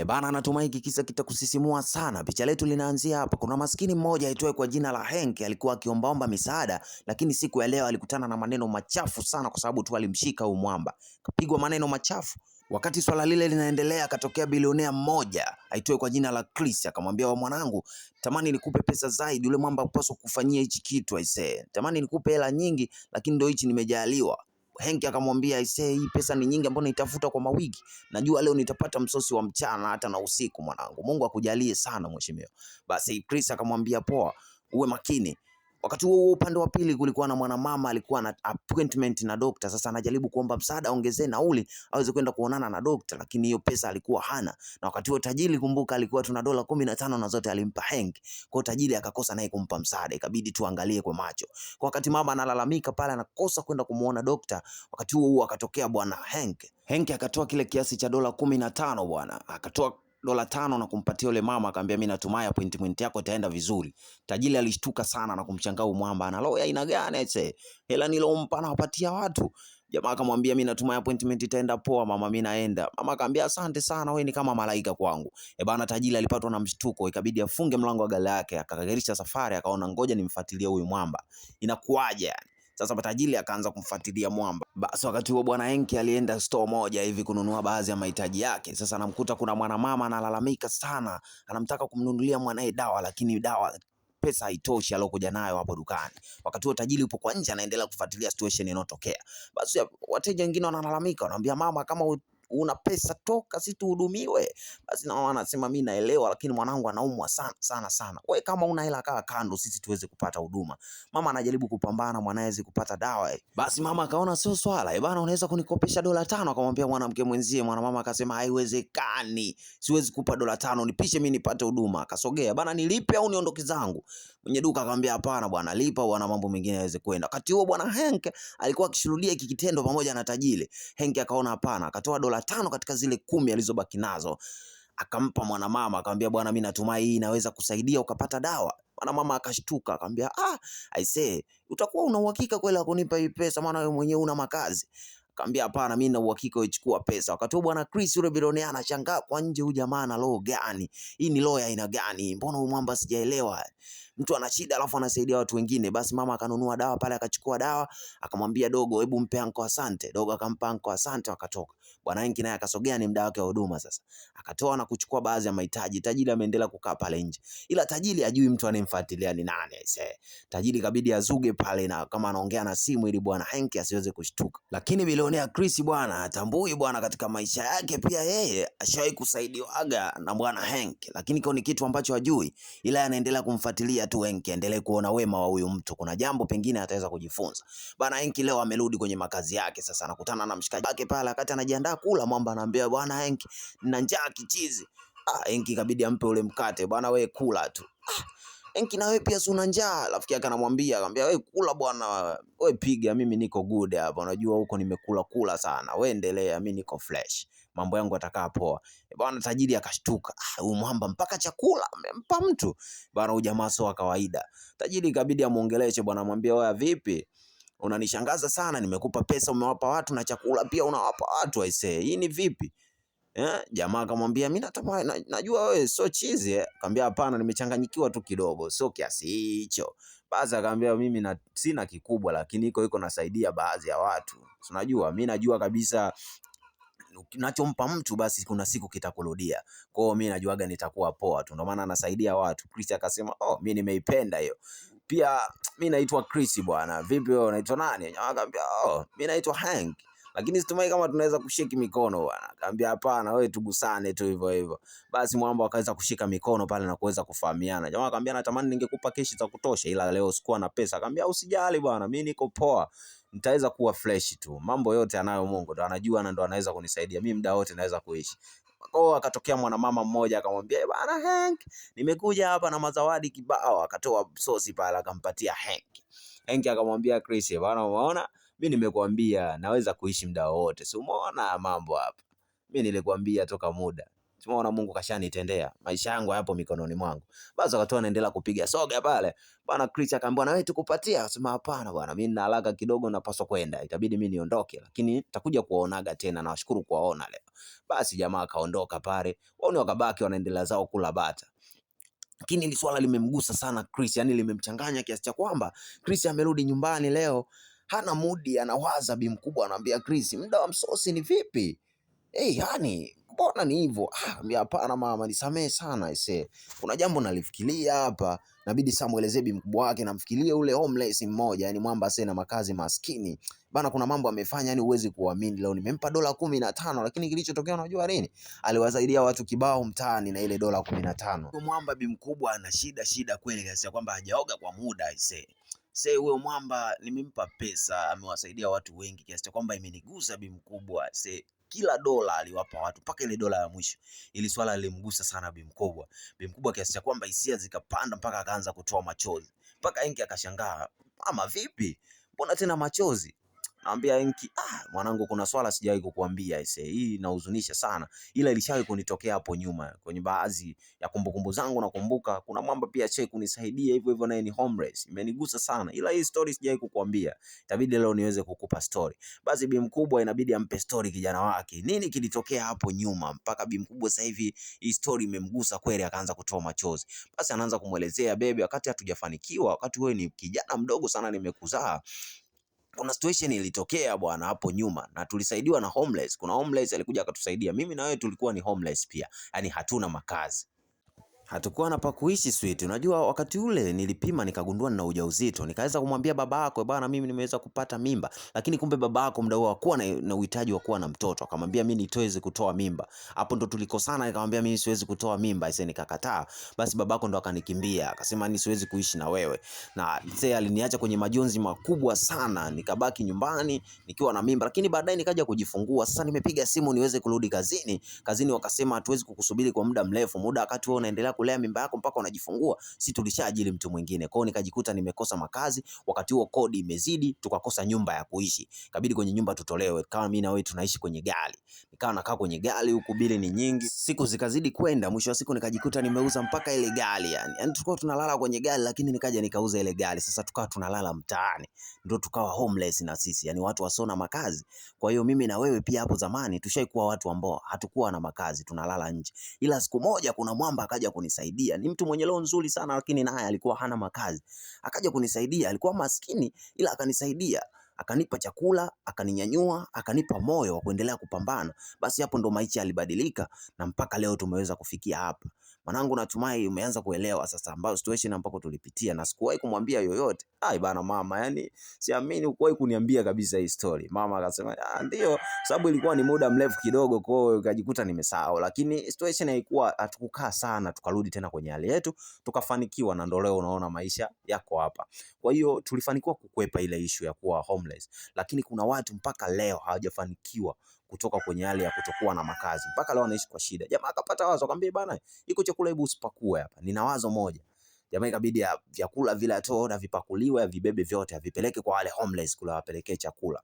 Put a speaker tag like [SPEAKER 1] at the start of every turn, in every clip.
[SPEAKER 1] E bana, natumai kisa kitakusisimua sana. Picha letu linaanzia hapa. Kuna maskini mmoja aitwaye kwa jina la Henk alikuwa akiombaomba misaada, lakini siku ya leo alikutana na maneno machafu sana, kwa sababu tu alimshika huyu mwamba, kapigwa maneno machafu. Wakati swala lile linaendelea, akatokea bilionea mmoja aitwaye kwa jina la Chris, akamwambia wa mwanangu, tamani nikupe pesa zaidi, yule mwamba hupaswa kufanyia hichi kitu aisee, tamani nikupe hela nyingi, lakini ndio hichi nimejaliwa Henki akamwambia aisee, hii pesa ni nyingi ambayo naitafuta kwa mawiki, najua leo nitapata msosi wa mchana hata na usiku mwanangu, Mungu akujalie sana mheshimiwa. Basi Chris akamwambia poa, uwe makini Wakati huo huo upande wa pili kulikuwa na mwanamama alikuwa na appointment na dokta. Sasa anajaribu kuomba msaada aongezee nauli aweze kwenda kuonana na dokta, lakini hiyo pesa alikuwa hana. Na wakati huo tajiri, kumbuka, alikuwa tuna dola kumi na tano na zote alimpa Hank. Kwa hiyo tajiri akakosa naye kumpa msaada, ikabidi tuangalie kwa macho. Kwa wakati mama analalamika pale anakosa kwenda kumuona dokta, wakati huo huo akatokea bwana Hank. Hank akatoa kile kiasi cha dola kumi na tano bwana akatoa dola tano na kumpatia yule mama, akamwambia mimi natumai appointment yako itaenda vizuri. Tajiri alishtuka sana na huyu mwamba, ana roho ya aina gani ese? Hela nilompa nawapatia watu. Jamaa akamwambia mimi natumai appointment itaenda poa mama, mimi naenda. Mama akamwambia asante sana, wewe ni kama malaika kwangu. E bana, tajiri alipatwa na mshtuko, ikabidi afunge mlango wa gari yake, akakairisha safari, akaona ngoja nimfuatilie huyu mwamba inakuwaje yani. Sasa matajiri akaanza kumfuatilia Mwamba. Basi wakati huo bwana Henki alienda store moja hivi kununua baadhi ya mahitaji yake. Sasa anamkuta kuna mwanamama analalamika sana, anamtaka kumnunulia mwanae dawa, lakini dawa pesa haitoshi alokuja nayo hapo dukani. Wakati huo tajiri upo kwa nje anaendelea kufuatilia situation inayotokea. Basi wateja wengine wanalalamika, wanamwambia mama, kama una pesa, toka, si tuhudumiwe. Basi na wao mimi naelewa, lakini mwanangu anaumwa sana sana sana, wewe kama una hela kaa kando, sisi tuweze kupata huduma. Mama anajaribu kupambana mwanae kupata dawa. Eh. Basi mama akaona sio swala, eh bana, unaweza kunikopesha dola tano? Akamwambia mwanamke mwenzie, mwanamama akasema haiwezekani, siwezi kupa dola tano, nipishe mimi nipate huduma. Akasogea bana, nilipe au niondoke zangu? Mwenye duka akamwambia hapana bwana, lipa bwana, mambo mengine yaweze kwenda. Wakati huo bwana Henk alikuwa akishuhudia hiki kitendo pamoja na tajiri. Henk akaona hapana, akatoa dola tano katika zile kumi alizobaki nazo akampa mwanamama akamwambia, bwana, mimi natumai hii inaweza kusaidia ukapata dawa. Mwanamama akashtuka akamwambia, ah, I say utakuwa una uhakika kweli kunipa hii pesa, maana wewe mwenyewe una makazi? Akamwambia, hapana, mimi na uhakika uichukua pesa. Wakati huo bwana Chris yule bilionea anashangaa, kwa nje huyu jamaa ana roho gani? Hii ni roho ya aina gani? Mbona huyu mwamba sijaelewa mtu ana shida alafu anasaidia watu wengine. Basi mama akanunua dawa pale, akachukua dawa, akamwambia dogo, hebu mpe anko asante. Dogo akampa anko asante, wakatoka. Bwana Wengi naye akasogea, ni mda wake wa huduma sasa, akatoa na kuchukua baadhi ya mahitaji. Tajiri ameendelea kukaa pale nje, ila tajiri ajui mtu anemfuatilia ni nani. Aise, tajiri kabidi azuge pale, na kama anaongea na simu, ili bwana Henki asiweze kushtuka. Lakini bilionea Chris bwana atambui bwana, katika maisha yake pia yeye ashawahi kusaidiwaga na bwana Henki, lakini kwa ni kitu ambacho ajui, ila anaendelea kumfuatilia tu Enki aendelee kuona wema wa huyu mtu, kuna jambo pengine ataweza kujifunza. Bana Enki leo amerudi kwenye makazi yake, sasa anakutana na mshikaji wake pale, wakati anajiandaa kula, mwamba anaambia bwana Enki, nina njaa kichizi. Ah, Enki kabidi ampe ule mkate bwana, we kula tu. Ah, Enki na wewe pia si una njaa? Rafiki yake anamwambia akamwambia, wewe kula bwana, wewe piga, mimi niko good hapa, unajua huko nimekula kula sana, wewe endelea, mimi niko fresh mambo yangu yatakaa poa. Eh, bwana tajiri akashtuka, ah, huyu mwamba mpaka chakula amempa mtu bwana, huyu jamaa sio kawaida. Tajiri ikabidi amuongeleshe bwana, mwambie wewe, vipi unanishangaza sana, nimekupa pesa umewapa watu na chakula pia unawapa watu aisee, hii ni vipi? Eh, jamaa akamwambia mimi nataka na, najua wewe sio chizi eh. Akamwambia hapana, nimechanganyikiwa tu kidogo, sio kiasi hicho. Basi akamwambia mimi na, sina kikubwa lakini iko iko nasaidia baadhi ya watu. Unajua mimi najua kabisa kinachompa mtu basi kuna siku kitakurudia. Kwa hiyo mimi najuaga nitakuwa poa tu, ndio maana anasaidia watu. Chris akasema oh, mimi nimeipenda hiyo. Pia mimi naitwa Chris bwana, vipi wewe unaitwa nani? Akamwambia oh, mimi naitwa Hank lakini situmai kama tunaweza kushiki mikono bwana. Akaambia hapana, wewe tugusane tu hivyo hivyo. Basi mwamba akaweza kushika mikono pale na kuweza kufahamiana. Jamaa akamwambia, natamani ningekupa keshi za kutosha, ila leo sikuwa na pesa. Akamwambia, usijali bwana, mimi niko poa nitaweza kuwa fresh tu. Mambo yote anayo Mungu, ndo anajua na ndo anaweza kunisaidia mimi, muda wote naweza kuishi kwao. Akatokea mwanamama mmoja akamwambia, eh, bana Hank, nimekuja hapa na mazawadi kibao. Akatoa sosi pale akampatia Hank. Hank akamwambia Chris, eh, bwana umeona mimi nimekuambia naweza kuishi muda wote, si umeona mambo hapa, mimi nilikwambia toka muda Simuona Mungu kashanitendea. Maisha yangu hayapo mikononi mwangu. Basi wakati anaendelea kupiga soga pale, bwana Chris akaambia na wewe tukupatia. Akasema hapana bwana, mimi nina haraka kidogo napaswa kwenda. Itabidi mimi niondoke, lakini nitakuja kuwaonaga tena na washukuru kuwaona leo. Basi jamaa akaondoka pale. Wao ni wakabaki wanaendelea zao kula bata. Lakini ni swala limemgusa sana Chris, yani limemchanganya kiasi cha kwamba Chris amerudi nyumbani leo hana mudi, anawaza. Bi mkubwa anamwambia Chris, muda wa msosi ni vipi? hey, yani mbona ni hivyo? Ah, hapana mama, nisamehe sana ise, kuna jambo nalifikiria hapa, nabidi saa mwelezee bi mkubwa wake, namfikiria ule homeless mmoja, yani mwamba asiye na makazi, maskini bana, kuna mambo amefanya, yani uwezi kuamini. Leo nimempa dola kumi na tano lakini kilichotokea unajua nini? Aliwasaidia watu kibao mtaani na ile dola kumi na tano Mwamba bi mkubwa ana shida shida kweli, kiasi ya kwamba hajaoga kwa muda ise Sasa huyo mwamba nimempa pesa, amewasaidia watu wengi kiasi cha kwamba imenigusa bi mkubwa. Sasa kila dola aliwapa watu mpaka ile dola ya mwisho. Ili swala lilimgusa sana Bi mkubwa, Bi mkubwa kiasi cha kwamba hisia zikapanda mpaka akaanza kutoa machozi, mpaka Enki akashangaa, mama vipi, mbona tena machozi? Naambia Enki, ah, mwanangu kuna swala sijawahi kukuambia ese. Hii inahuzunisha sana. Ila ilishawahi kunitokea hapo nyuma kwenye baadhi ya kumbukumbu zangu nakumbuka kuna mwamba pia che kunisaidia hivyo hivyo naye ni homeless. Imenigusa sana. Ila hii story sijawahi kukuambia. Itabidi leo niweze kukupa story. Basi bi mkubwa inabidi ampe story kijana wake. Nini kilitokea hapo nyuma mpaka bi mkubwa sasa hivi hii story imemgusa kweli akaanza kutoa machozi. Basi anaanza kumwelezea bebe, wakati hatujafanikiwa, wakati wewe ni kijana mdogo sana nimekuzaa kuna situation ilitokea bwana hapo nyuma na tulisaidiwa na homeless. Kuna homeless alikuja akatusaidia, mimi na wewe tulikuwa ni homeless pia, yani hatuna makazi. Hatukuwa na pa kuishi sweet. Unajua wakati ule nilipima nikagundua nina ujauzito. Nikaweza kumwambia baba yako, bwana mimi nimeweza kupata mimba. Lakini kumbe baba yako muda huo hakuwa na, na uhitaji wa kuwa na mtoto. Akamwambia mimi nitoezi kutoa mimba. Hapo ndo tulikosana, nikamwambia mimi siwezi kutoa mimba. Ise nikakataa. Basi yako ndo akanikimbia. Akasema ni siwezi kuishi na wewe. Na sasa aliniacha kwenye majonzi makubwa sana. Nikabaki nyumbani nikiwa na mimba. Lakini baadaye nikaja kujifungua. Sasa nimepiga simu niweze kurudi kazini. Kazini wakasema hatuwezi kukusubiri kwa muda mrefu. Muda wakati wewe unaendelea kulea mimba yako mpaka unajifungua, si tulishaajiri mtu mwingine. Kwao nikajikuta nimekosa makazi, wakati huo kodi imezidi, tukakosa nyumba ya kuishi, kabidi kwenye nyumba tutolewe, kama mimi na wewe tunaishi kwenye gari. Nikawa nakaa kwenye gari huku, bili ni nyingi, siku zikazidi kwenda, mwisho wa siku nikajikuta nimeuza mpaka ile gari yani. Yani tulikuwa tunalala kwenye gari, lakini nikaja nikauza ile gari, sasa tukawa tunalala mtaani, ndio tukawa homeless na sisi yani, watu wasona makazi. Kwa hiyo mimi na wewe pia hapo zamani tushaikuwa watu ambao hatukuwa na makazi, tunalala nje, ila siku moja kuna mwamba akaja kuni kunisaidia. Ni mtu mwenye roho nzuri sana, lakini naye alikuwa hana makazi, akaja kunisaidia. Alikuwa maskini, ila akanisaidia akanipa chakula, akaninyanyua, akanipa moyo wa kuendelea kupambana. Basi hapo ndo maisha yalibadilika na mpaka leo tumeweza kufikia hapa. Mwanangu, natumai umeanza kuelewa sasa ambayo situation ambako tulipitia na sikuwahi kumwambia yoyote. Ai bana mama, yani siamini ukuwahi kuniambia kabisa hii story. Mama akasema ah, ndio, sababu ilikuwa ni muda mrefu kidogo, kwa hiyo ukajikuta nimesahau, lakini situation haikuwa, hatukukaa sana, tukarudi tena kwenye hali yetu, tukafanikiwa na ndio leo unaona maisha yako hapa. Kwa hiyo tulifanikiwa kukwepa ile issue ya kuwa homeless, lakini kuna watu mpaka leo hawajafanikiwa kutoka kwenye hali ya kutokuwa na makazi, mpaka leo anaishi kwa shida. Jamaa akapata wazo, akamwambia bana, iko chakula, hebu usipakue hapa, nina wazo moja. Jamaa ikabidi ya vyakula vile atoe na vipakuliwe, vibebe vyote, avipeleke kwa wale homeless kule, wapelekee chakula.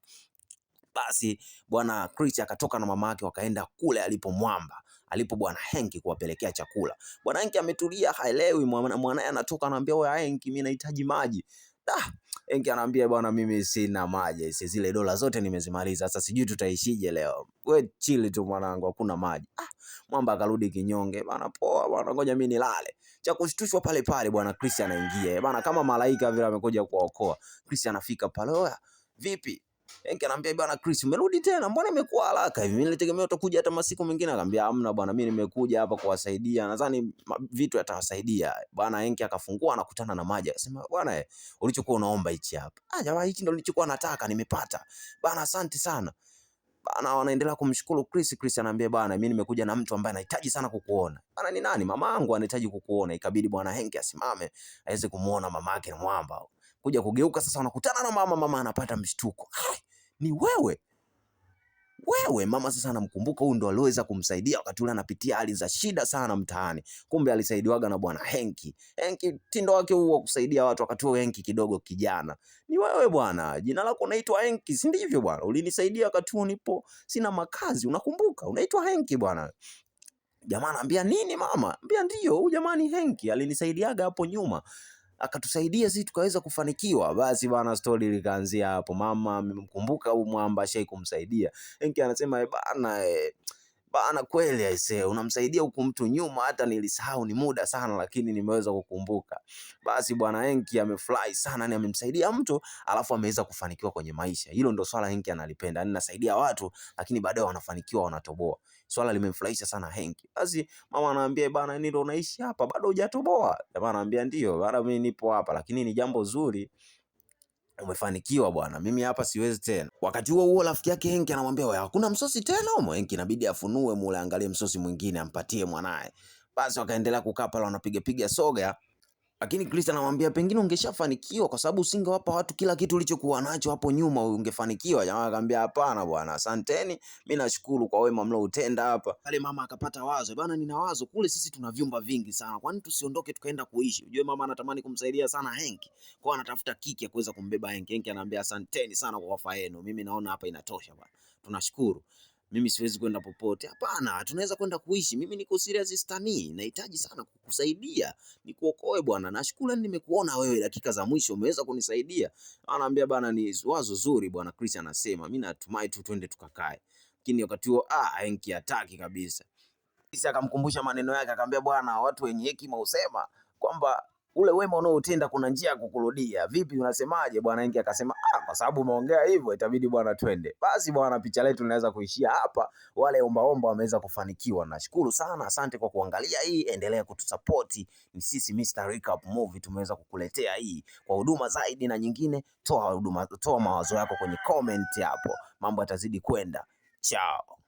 [SPEAKER 1] Basi bwana Chris akatoka na mama yake wakaenda kule alipo mwamba alipo bwana Henki kuwapelekea chakula. Bwana Henki ametulia, haelewi mwanae, anatoka anaambia wewe Henki, mimi nahitaji maji ah, Enki anaambia bwana, mimi sina maji, si zile dola zote nimezimaliza, sasa sijui tutaishije leo. We chili tu mwanangu, hakuna maji. Ah, mwamba akarudi kinyonge bwana. Poa bwana, ngoja mimi nilale. Cha kushtushwa pale pale bwana, Chris anaingia bwana, kama malaika vile amekuja kuwaokoa. Chris anafika pale, oya, vipi Henki yaani anamwambia bwana Chris, umerudi tena? Mbona imekuwa haraka hivi? Mimi nilitegemea utakuja hata masiku mengine. Akamwambia amna bwana, mimi nimekuja hapa kuwasaidia. Nadhani vitu yatawasaidia. Bwana Henki akafungua anakutana na maji. Akasema bwana eh, ulichokuwa unaomba hichi hapa. Ah, jamaa hichi ndio nilichokuwa nataka, nimepata. Bwana asante sana. bwana. wanaendelea kumshukuru Chris. Chris anaambia bwana, mimi nimekuja na mtu ambaye anahitaji sana kukuona. Bwana ni nani? Mamangu anahitaji kukuona. Ikabidi bwana Henki asimame aweze kumuona mamake Mwamba kuja kugeuka sasa, unakutana na mama. Mama anapata mshtuko, ni wewe wewe mama. Sasa anamkumbuka huyu ndo aliweza kumsaidia wakati ule anapitia hali za shida sana mtaani, kumbe alisaidiwaga na bwana Henki. Henki tindo wake huo wa kusaidia watu, wakati huo Henki kidogo kijana. Ni wewe bwana, jina lako unaitwa Henki, si ndivyo bwana? Ulinisaidia wakati huo nipo sina makazi, unakumbuka? Unaitwa Henki bwana. Jamaa anambia nini mama? Ambia ndio, huyu jamani Henki alinisaidiaga hapo nyuma akatusaidia sisi tukaweza kufanikiwa. Basi bana, stori likaanzia hapo. Mama amemkumbuka huyu mwamba shai kumsaidia Enki, anasema e, bana e, bana kweli aise, unamsaidia huku mtu nyuma, hata nilisahau ni muda sana, lakini nimeweza kukumbuka. Basi bwana Enki amefurahi sana, ni amemsaidia mtu alafu ameweza kufanikiwa kwenye maisha. Hilo ndo swala Enki analipenda, yani nasaidia watu, lakini baadaye wanafanikiwa, wanatoboa. Swala limemfurahisha sana Hank. Basi mama anaambia bana, ndio unaishi hapa bado hujatoboa? Jamaa anaambia ndio, bana mimi nipo hapa, lakini ni jambo zuri umefanikiwa bwana, mimi hapa siwezi tena. Wakati huo huo, rafiki yake Henki anamwambia wewe, hakuna msosi tena humo. Henki inabidi afunue mule, angalie msosi mwingine ampatie mwanaye. Basi wakaendelea kukaa pale, wanapiga piga soga lakini Kristo anamwambia pengine ungeshafanikiwa kwa sababu usingewapa watu kila kitu ulichokuwa nacho hapo nyuma, ungefanikiwa. Jamaa akamwambia hapana bwana, asanteni, mimi nashukuru kwa wema mlioutenda hapa. Pale mama akapata wazo, bwana, nina wazo kule, sisi tuna vyumba vingi sana, kwani tusiondoke tukaenda kuishi? Unajua mama anatamani kumsaidia sana Henki, kwa anatafuta kiki ya kuweza kumbeba Henki. Henki anaambia asanteni sana kwa wafa yenu, mimi naona hapa inatosha bwana, tunashukuru mimi siwezi kwenda popote. Hapana, tunaweza kwenda kuishi. Mimi niko serious stani, nahitaji sana kukusaidia, nikuokoe bwana. Na shukrani, nimekuona wewe dakika za mwisho umeweza kunisaidia. Anaambia bana ni wazo zuri bwana. Chris anasema mimi natumai tu twende tukakae, lakini wakati huo ah, Henki hataki kabisa. Chris akamkumbusha maneno yake, akamwambia bwana, watu wenye hekima husema kwamba ule wema unaotenda kuna njia ya kukurudia. Vipi, unasemaje bwana? Inki akasema ah, kwa sababu umeongea hivyo itabidi bwana twende. Basi bwana, picha letu linaweza kuishia hapa. Wale ombaomba wameweza kufanikiwa. Nashukuru sana, asante kwa kuangalia hii, endelea kutusapoti. Ni sisi Mr. Recap Movie tumeweza kukuletea hii kwa huduma zaidi na nyingine. Toa huduma, toa mawazo yako kwenye comment hapo, mambo yatazidi kwenda. Chao.